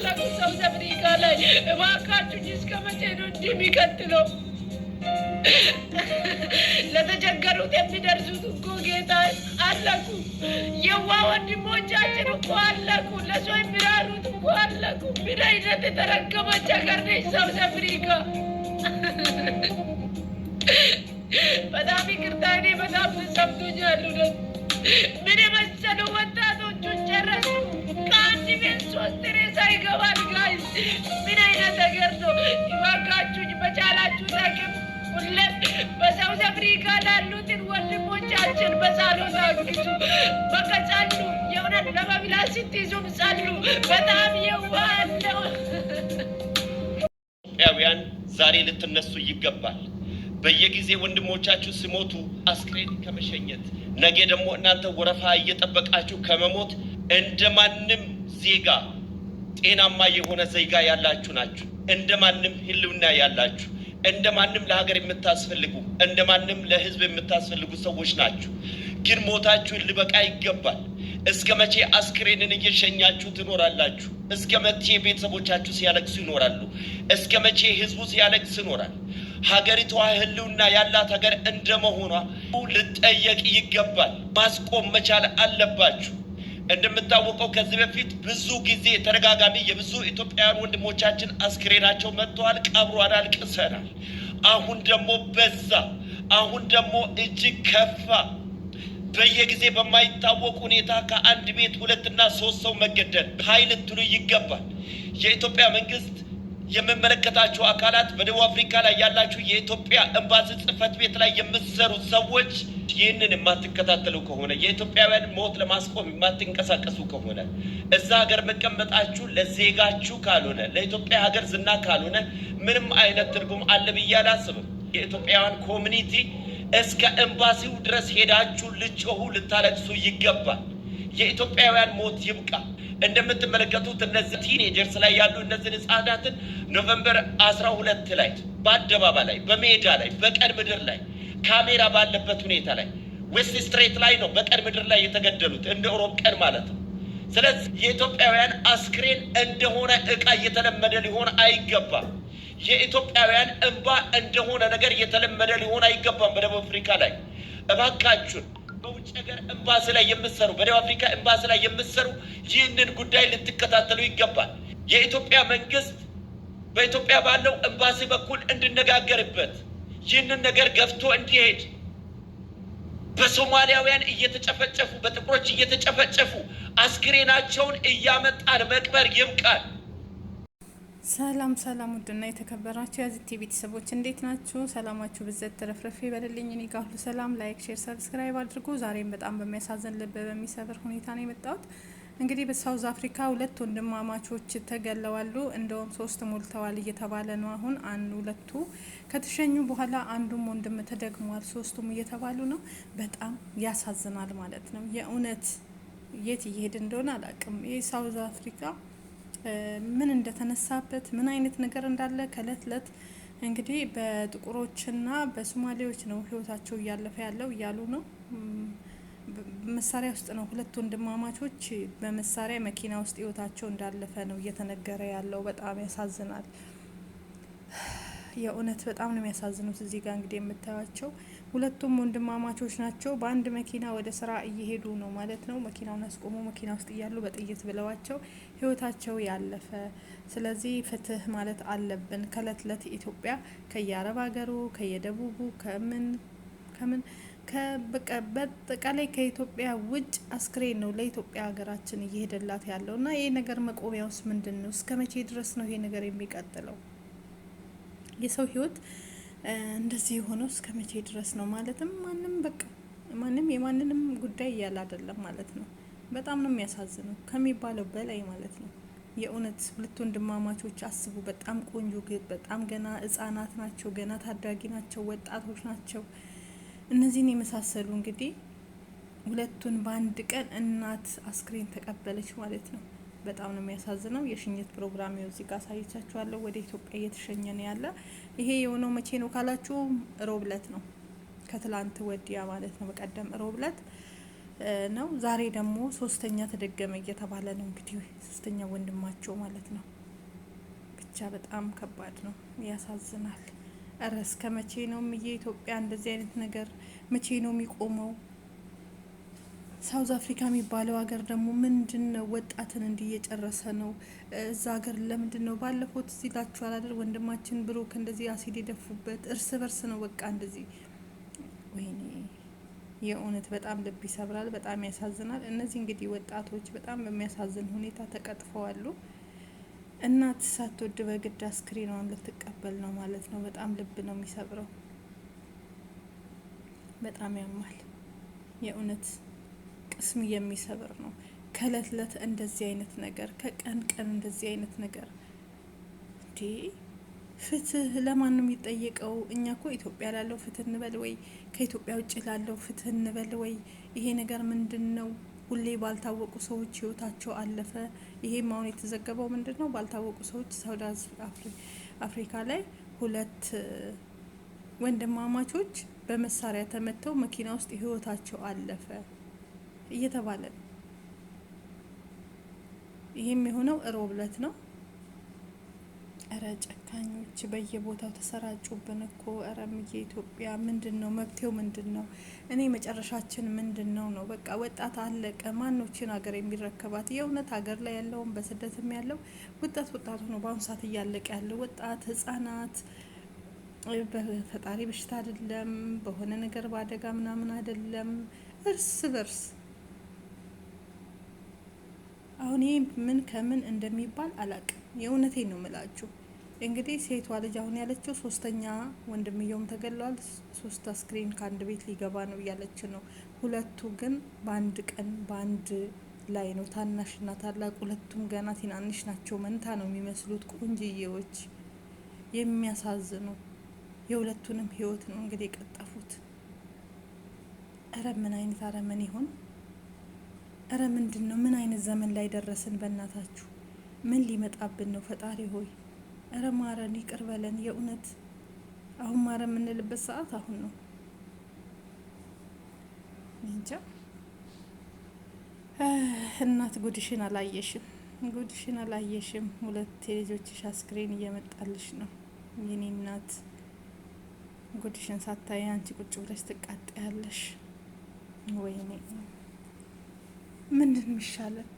በምታጉሰው ዘብሪጋ ላይ እባካችሁ እስከ መቼ ነው እንዲህ የሚቀጥለው? ለተቸገሩት የሚደርሱት እኮ ጌታ አለቁ። የዋ ወንድሞቻችን እኮ አለቁ። ለሰው የሚራሩት እኮ አለቁ። ምን አይነት የተረገመች ሀገር ነች ሳውዝ አፍሪካ። በጣም ይቅርታ፣ እኔ በጣም ተሰምቶኛል። ምን የመሰለው ወጣ ቤት ሶስት ሬሳ ይገባል። ጋይስ ምን አይነት ነገር ነው? ይባካችሁኝ በቻላችሁ ታቅም ሁለት በሳውዝ አፍሪካ ላሉትን ወንድሞቻችን በሳሎን አግዙ። በቃ ጸሉ፣ የእውነት ለመብላት ስትይዙም ጸሉ። በጣም የዋለው ኢትዮጵያውያን ዛሬ ልትነሱ ይገባል። በየጊዜ ወንድሞቻችሁ ሲሞቱ አስክሬን ከመሸኘት ነገ ደግሞ እናንተ ወረፋ እየጠበቃችሁ ከመሞት እንደማንም ዜጋ ጤናማ የሆነ ዜጋ ያላችሁ ናችሁ። እንደ ማንም ህልውና ያላችሁ፣ እንደ ማንም ለሀገር የምታስፈልጉ፣ እንደ ማንም ለህዝብ የምታስፈልጉ ሰዎች ናችሁ። ግን ሞታችሁን ልበቃ ይገባል። እስከ መቼ አስክሬንን እየሸኛችሁ ትኖራላችሁ? እስከ መቼ ቤተሰቦቻችሁ ሲያለቅሱ ይኖራሉ? እስከ መቼ ህዝቡ ሲያለቅስ ይኖራል? ሀገሪቷ ህልውና ያላት ሀገር እንደመሆኗ ልጠየቅ ይገባል። ማስቆም መቻል አለባችሁ። እንደምታወቀው ከዚህ በፊት ብዙ ጊዜ ተደጋጋሚ የብዙ ኢትዮጵያውያን ወንድሞቻችን አስክሬናቸው መጥተዋል፣ ቀብሯን አልቅሰናል። አሁን ደግሞ በዛ፣ አሁን ደግሞ እጅግ ከፋ። በየጊዜ በማይታወቅ ሁኔታ ከአንድ ቤት ሁለትና ሶስት ሰው መገደል ኃይል እንትሉ ይገባል። የኢትዮጵያ መንግስት የምመለከታቸው አካላት በደቡብ አፍሪካ ላይ ያላችሁ የኢትዮጵያ ኤምባሲ ጽህፈት ቤት ላይ የምትሰሩት ሰዎች ይህንን የማትከታተሉ ከሆነ የኢትዮጵያውያን ሞት ለማስቆም የማትንቀሳቀሱ ከሆነ እዛ ሀገር መቀመጣችሁ ለዜጋችሁ ካልሆነ ለኢትዮጵያ ሀገር ዝና ካልሆነ ምንም አይነት ትርጉም አለ ብዬ አላስብም። የኢትዮጵያውያን ኮሚኒቲ እስከ ኤምባሲው ድረስ ሄዳችሁ ልጮሁ ልታለቅሱ ይገባል። የኢትዮጵያውያን ሞት ይብቃ። እንደምትመለከቱት እነዚህ ቲኔጀርስ ላይ ያሉ እነዚህን ህጻናትን ኖቨምበር አስራ ሁለት ላይ በአደባባይ ላይ በሜዳ ላይ በቀን ምድር ላይ ካሜራ ባለበት ሁኔታ ላይ ዌስት ስትሬት ላይ ነው በቀን ምድር ላይ የተገደሉት እንደ ሮብ ቀን ማለት ነው። ስለዚህ የኢትዮጵያውያን አስክሬን እንደሆነ እቃ እየተለመደ ሊሆን አይገባም። የኢትዮጵያውያን እንባ እንደሆነ ነገር እየተለመደ ሊሆን አይገባም። በደቡብ አፍሪካ ላይ እባካችሁን በውጭ ሀገር ኤምባሲ ላይ የምትሰሩ በደቡብ አፍሪካ ኤምባሲ ላይ የምትሰሩ ይህንን ጉዳይ ልትከታተሉ ይገባል። የኢትዮጵያ መንግስት በኢትዮጵያ ባለው ኤምባሲ በኩል እንድነጋገርበት ይህንን ነገር ገፍቶ እንዲሄድ በሶማሊያውያን እየተጨፈጨፉ በጥቁሮች እየተጨፈጨፉ አስክሬናቸውን እያመጣን መቅበር ይብቃል። ሰላም ሰላም፣ ውድና የተከበራችሁ የዚህ ቲቪ ቤተሰቦች እንዴት ናችሁ? ሰላማችሁ ብዘት ተረፍረፍ በልልኝ። እኔ ጋር ሁሉ ሰላም። ላይክ፣ ሼር፣ ሰብስክራይብ አድርጉ። ዛሬም በጣም በሚያሳዝን ልብ በሚሰብር ሁኔታ ነው የመጣሁት። እንግዲህ በሳውዝ አፍሪካ ሁለት ወንድማማቾች ተገለዋሉ። እንደውም ሶስት ሞልተዋል እየተባለ ነው። አሁን አንድ ሁለቱ ከተሸኙ በኋላ አንዱም ወንድም ተደግሟል፣ ሶስቱም እየተባሉ ነው። በጣም ያሳዝናል ማለት ነው። የእውነት የት እየሄድ እንደሆነ አላቅም። ይህ ሳውዝ አፍሪካ ምን እንደተነሳበት ምን አይነት ነገር እንዳለ ከእለት እለት እንግዲህ በጥቁሮችና በሶማሌዎች ነው ህይወታቸው እያለፈ ያለው እያሉ ነው መሳሪያ ውስጥ ነው። ሁለት ወንድማማቾች በመሳሪያ መኪና ውስጥ ህይወታቸው እንዳለፈ ነው እየተነገረ ያለው። በጣም ያሳዝናል። የእውነት በጣም ነው የሚያሳዝኑት። እዚህ ጋር እንግዲህ የምታያቸው ሁለቱም ወንድማማቾች ናቸው። በአንድ መኪና ወደ ስራ እየሄዱ ነው ማለት ነው። መኪናውን አስቆሞ መኪና ውስጥ እያሉ በጥይት ብለዋቸው ህይወታቸው ያለፈ። ስለዚህ ፍትህ ማለት አለብን። ከእለት እለት ኢትዮጵያ ከየአረብ ሀገሩ ከየደቡቡ ከምን ከምን በጠቃላይ ከኢትዮጵያ ውጭ አስክሬን ነው ለኢትዮጵያ ሀገራችን እየሄደላት ያለው እና ይህ ነገር መቆሚያ ውስጥ ምንድን ነው? እስከ መቼ ድረስ ነው ይሄ ነገር የሚቀጥለው? የሰው ህይወት እንደዚህ የሆነው እስከ መቼ ድረስ ነው? ማለትም ማንም በቃ ማንም የማንንም ጉዳይ እያለ አይደለም ማለት ነው። በጣም ነው የሚያሳዝነው ከሚባለው በላይ ማለት ነው። የእውነት ሁለት ወንድማማቾች አስቡ። በጣም ቆንጆ፣ በጣም ገና ህጻናት ናቸው፣ ገና ታዳጊ ናቸው፣ ወጣቶች ናቸው። እነዚህን የመሳሰሉ እንግዲህ ሁለቱን በአንድ ቀን እናት አስክሬን ተቀበለች ማለት ነው። በጣም ነው የሚያሳዝነው። የሽኝት ፕሮግራም እዚህ ጋር አሳይቻችኋለሁ። ወደ ኢትዮጵያ እየተሸኘ ነው ያለ። ይሄ የሆነው መቼ ነው ካላችሁ፣ ሮብለት ነው ከትላንት ወዲያ ማለት ነው። በቀደም ሮብለት ነው። ዛሬ ደግሞ ሶስተኛ ተደገመ እየተባለ ነው እንግዲህ ሶስተኛ ወንድማቸው ማለት ነው። ብቻ በጣም ከባድ ነው፣ ያሳዝናል። እረ እስከ መቼ ነው እንደዚህ አይነት ነገር መቼ ነው የሚቆመው? ሳውዝ አፍሪካ የሚባለው ሀገር ደግሞ ምንድን ነው ወጣትን እንዲህ እየጨረሰ ነው። እዛ ሀገር ለምንድን ነው ባለፉት ትዝ ይላችኋል ወንድማችን ብሩክ እንደዚህ አሲድ የደፉበት እርስ በርስ ነው በቃ እንደዚህ። ወይኔ የእውነት በጣም ልብ ይሰብራል፣ በጣም ያሳዝናል። እነዚህ እንግዲህ ወጣቶች በጣም በሚያሳዝን ሁኔታ ተቀጥፈዋሉ። እናት ሳትወድ በግድ አስክሬኗን ልትቀበል ነው ማለት ነው። በጣም ልብ ነው የሚሰብረው። በጣም ያማል። የእውነት ቅስም የሚሰብር ነው። ከእለት እለት እንደዚህ አይነት ነገር ከቀን ቀን እንደዚህ አይነት ነገር እንዴ! ፍትህ ለማን ነው የሚጠየቀው? እኛ እኮ ኢትዮጵያ ላለው ፍትህ እንበል ወይ ከኢትዮጵያ ውጭ ላለው ፍትህ እንበል ወይ። ይሄ ነገር ምንድን ነው? ሁሌ ባልታወቁ ሰዎች ህይወታቸው አለፈ። ይሄም አሁን የተዘገበው ምንድን ነው? ባልታወቁ ሰዎች ሳውዲ አፍሪካ ላይ ሁለት ወንድማማቾች በመሳሪያ ተመተው መኪና ውስጥ ህይወታቸው አለፈ እየተባለ ነው። ይህም የሆነው እሮብ ዕለት ነው። እረ ጨካኞች በየቦታው ተሰራጩብን እኮ። እረ ምዬ ኢትዮጵያ ምንድን ነው መብቴው? ምንድን ነው እኔ መጨረሻችን ምንድን ነው ነው? በቃ ወጣት አለቀ። ማኖችን ሀገር የሚረከባት የእውነት ሀገር ላይ ያለውን በስደትም ያለው ወጣት ወጣት ሆኖ በአሁኑ ሰዓት እያለቀ ያለው ወጣት ህጻናት በፈጣሪ በሽታ አይደለም፣ በሆነ ነገር በአደጋ ምናምን አይደለም። እርስ በርስ አሁን ይህ ምን ከምን እንደሚባል አላቅም። የእውነቴ ነው ምላችሁ። እንግዲህ ሴቷ ልጅ አሁን ያለችው ሶስተኛ ወንድምየውም ተገሏል፣ ሶስት አስክሬን ከአንድ ቤት ሊገባ ነው እያለች ነው። ሁለቱ ግን በአንድ ቀን በአንድ ላይ ነው። ታናሽና ታላቅ ሁለቱም ገና ትናንሽ ናቸው። መንታ ነው የሚመስሉት ቆንጅዬዎች የሚያሳዝኑ የሁለቱንም ህይወት ነው እንግዲህ የቀጠፉት። እረ ምን አይነት አረመኔ ይሆን? እረ ምንድን ነው? ምን አይነት ዘመን ላይ ደረስን? በእናታችሁ ምን ሊመጣብን ነው? ፈጣሪ ሆይ እረ ማረን፣ ይቅር በለን። የእውነት አሁን ማረ የምንልበት ሰዓት አሁን ነው። እንጃ እናት ጉድሽን አላየሽም፣ ጉድሽን አላየሽም። ሁለት የልጆችሽ አስክሬን እየመጣልሽ ነው የኔ እናት። ጉድሽን ሳታይ አንቺ ቁጭ ብለሽ ትቃጠያለሽ። ወይኔ ምንድን ይሻለን?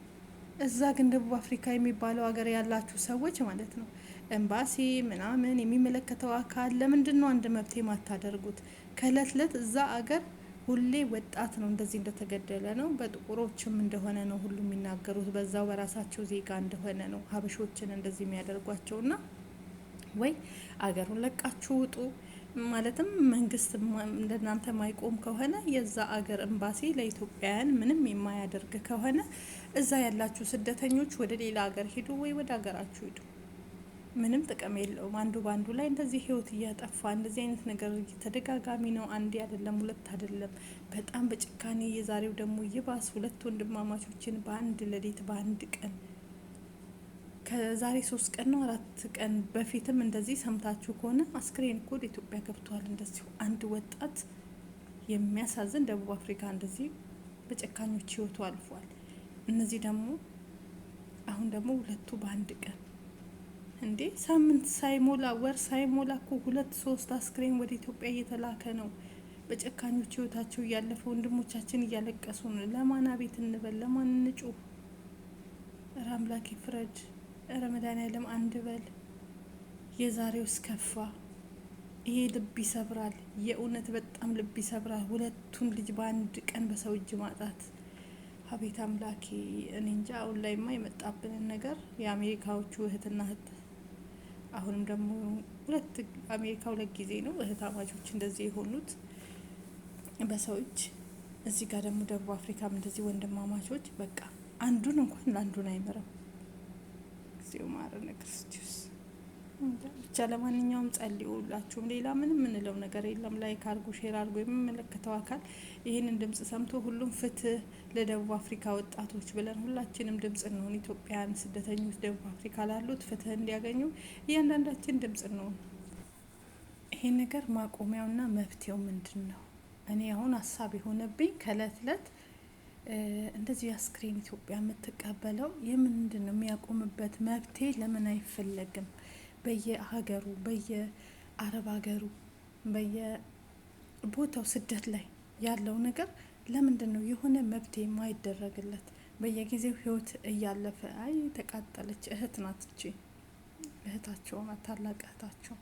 እዛ ግን ደቡብ አፍሪካ የሚባለው ሀገር ያላችሁ ሰዎች ማለት ነው ኤምባሲ ምናምን የሚመለከተው አካል ለምንድን ነው አንድ መብት የማታደርጉት? ከእለት እለት እዛ አገር ሁሌ ወጣት ነው እንደዚህ እንደተገደለ ነው። በጥቁሮችም እንደሆነ ነው ሁሉ የሚናገሩት፣ በዛው በራሳቸው ዜጋ እንደሆነ ነው ሀበሾችን እንደዚህ የሚያደርጓቸውና ወይ አገሩን ለቃችሁ ውጡ ማለትም መንግስት እንደናንተ ማይቆም ከሆነ የዛ አገር ኤምባሲ ለኢትዮጵያውያን ምንም የማያደርግ ከሆነ እዛ ያላችሁ ስደተኞች ወደ ሌላ ሀገር ሂዱ ወይ ወደ ሀገራችሁ ሂዱ። ምንም ጥቅም የለውም። አንዱ በአንዱ ላይ እንደዚህ ህይወት እያጠፋ እንደዚህ አይነት ነገር ተደጋጋሚ ነው። አንድ አይደለም፣ ሁለት አይደለም። በጣም በጭካኔ የዛሬው ደግሞ ይባስ ሁለት ወንድማማቾችን በአንድ ሌሊት በአንድ ቀን ከዛሬ ሶስት ቀን ነው አራት ቀን በፊትም እንደዚህ ሰምታችሁ ከሆነ አስክሬን እኮ ወደ ኢትዮጵያ ገብተዋል። እንደዚሁ አንድ ወጣት የሚያሳዝን ደቡብ አፍሪካ እንደዚህ በጨካኞች ህይወቱ አልፏል። እነዚህ ደግሞ አሁን ደግሞ ሁለቱ በአንድ ቀን እንዴ ሳምንት ሳይሞላ ወር ሳይሞላ እኮ ሁለት ሶስት አስክሬን ወደ ኢትዮጵያ እየተላከ ነው። በጨካኞች ህይወታቸው እያለፈ ወንድሞቻችን እያለቀሱ ነው። ለማን አቤት እንበል? ለማን እንጩህ? ኧረ አምላክ ረመዳን ያለም አንድ በል የዛሬው እስከፋ ይሄ ልብ ይሰብራል። የእውነት በጣም ልብ ይሰብራል። ሁለቱን ልጅ በአንድ ቀን በሰው እጅ ማጣት አቤት አምላኬ። እኔ እንጃ። አሁን ላይማ የመጣብንን ነገር የአሜሪካዎቹ እህትና እህት አሁንም ደግሞ ሁለት አሜሪካ ሁለት ጊዜ ነው እህት አማቾች እንደዚህ የሆኑት በሰው እጅ። እዚህ ጋር ደግሞ ደቡብ አፍሪካም እንደዚህ ወንድማማቾች በቃ አንዱን እንኳን ለአንዱን አይምረው እግዚኦ ማረነ ክርስቶስ። ብቻ ለማንኛውም ጸልዩላችሁም። ሌላ ምንም የምንለው ነገር የለም። ላይክ አድርጉ፣ ሼር አርጎ የሚመለከተው አካል ይህንን ድምጽ ሰምቶ ሁሉም ፍትህ ለደቡብ አፍሪካ ወጣቶች ብለን ሁላችንም ድምጽ እንሆን። ኢትዮጵያን ስደተኞች ደቡብ አፍሪካ ላሉት ፍትህ እንዲያገኙ እያንዳንዳችን ድምጽ እንሆን። ይሄ ነገር ማቆሚያውና መፍትሄው ምንድን ነው? እኔ አሁን ሀሳብ የሆነብኝ ከእለት እለት እንደዚሁ የአስክሬን ኢትዮጵያ የምትቀበለው የምንድን ነው የሚያቆምበት መብቴ ለምን አይፈለግም? በየሀገሩ በየአረብ ሀገሩ በየቦታው ስደት ላይ ያለው ነገር ለምንድን ነው የሆነ መብቴ ማይደረግለት? በየጊዜው ህይወት እያለፈ አይ ተቃጠለች እህት ናትች እህታቸው ታላቅ እህታቸው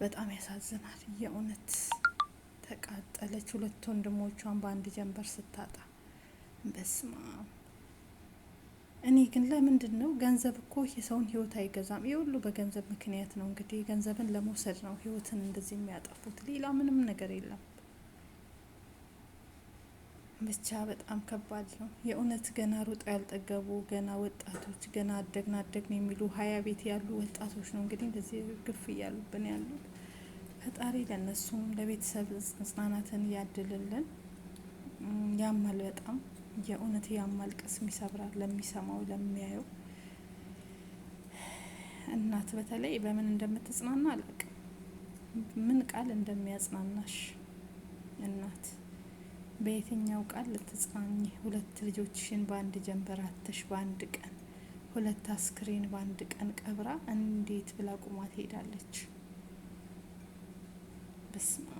በጣም ያሳዝናል። የእውነት ተቃጠለች። ሁለት ወንድሞቿን በአንድ ጀንበር ስታጣ በስማ እኔ ግን ለምንድን ነው ገንዘብ እኮ የሰውን ህይወት አይገዛም። ይህ ሁሉ በገንዘብ ምክንያት ነው። እንግዲህ ገንዘብን ለመውሰድ ነው ህይወትን እንደዚህ የሚያጠፉት። ሌላ ምንም ነገር የለም። ብቻ በጣም ከባድ ነው የእውነት ገና ሩጣ ያልጠገቡ ገና ወጣቶች ገና አደግን አደግን የሚሉ ሀያ ቤት ያሉ ወጣቶች ነው እንግዲህ እንደዚህ ግፍ እያሉብን ያሉት። ፈጣሪ ለእነሱም ለቤተሰብ መጽናናትን ያድልልን። ያማል በጣም የእውነት ያማል፣ ቅስም ይሰብራል ለሚሰማው ለሚያየው። እናት በተለይ በምን እንደምትጽናና አላውቅም፣ ምን ቃል እንደሚያጽናናሽ እናት በየትኛው ቃል ልትጽናኝ። ሁለት ልጆችሽን በአንድ ጀንበር አተሽ በአንድ ቀን ሁለት አስክሬን በአንድ ቀን ቀብራ እንዴት ብላ ቁማ ትሄዳለች? በስማ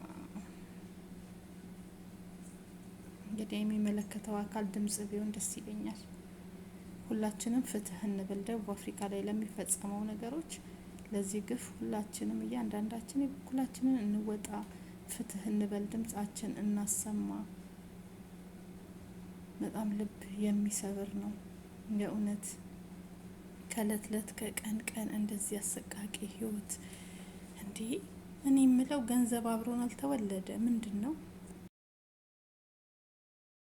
እንግዲህ የሚመለከተው አካል ድምጽ ቢሆን ደስ ይለኛል። ሁላችንም ፍትህ እንበል። ደቡብ አፍሪካ ላይ ለሚፈጸመው ነገሮች ለዚህ ግፍ ሁላችንም እያንዳንዳችን የበኩላችንን እንወጣ፣ ፍትህ እንበል፣ ድምጻችን እናሰማ። በጣም ልብ የሚሰብር ነው የእውነት ከእለት እለት ከቀን ቀን እንደዚህ አሰቃቂ ህይወት እንዲህ እኔ የምለው ገንዘብ አብሮን አልተወለደ ምንድን ነው?